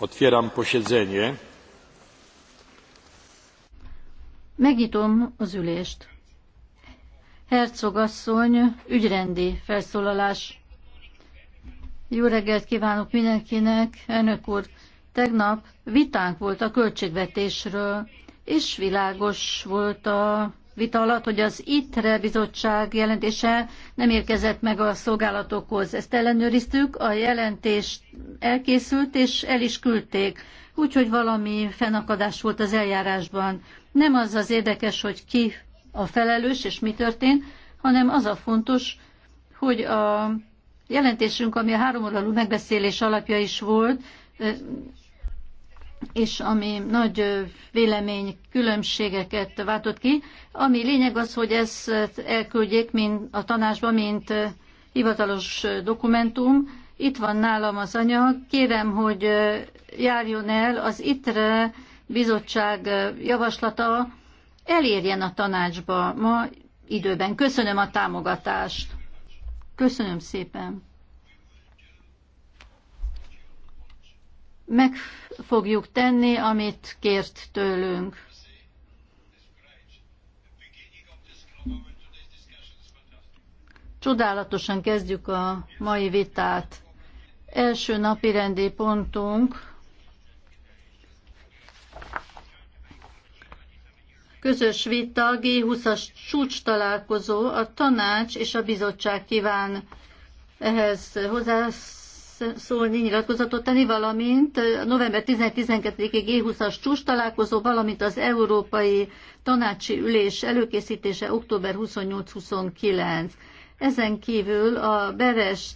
otwieram posiedzenie megnyitom az ülést herzog asszony ügyrendi felszólalás jó reggelt kívánok mindenkinek elnök úr tegnap vitánk volt a költségvetésről és világos volt a vita alatt, hogy az ITRE bizottság jelentése nem érkezett meg a szolgálatokhoz. Ezt ellenőriztük, a jelentés elkészült és el is küldték, úgyhogy valami fennakadás volt az eljárásban. Nem az az érdekes, hogy ki a felelős és mi történt, hanem az a fontos, hogy a jelentésünk, ami a háromoldalú megbeszélés alapja is volt, és ami nagy vélemény különbségeket váltott ki. Ami lényeg az, hogy ezt elküldjék mint a tanácsba, mint hivatalos dokumentum. Itt van nálam az anyag. Kérem, hogy járjon el az ITRE bizottság javaslata elérjen a tanácsba ma időben. Köszönöm a támogatást. Köszönöm szépen. Meg fogjuk tenni, amit kért tőlünk. Csodálatosan kezdjük a mai vitát. Első napi rendi pontunk közös vita G20-as csúcs találkozó, a tanács és a bizottság kíván ehhez hozzászólni szólni, nyilatkozatot tenni, valamint november 11-12-ig G20-as csúcs találkozó, valamint az Európai Tanácsi Ülés előkészítése október 28-29. Ezen kívül a Beres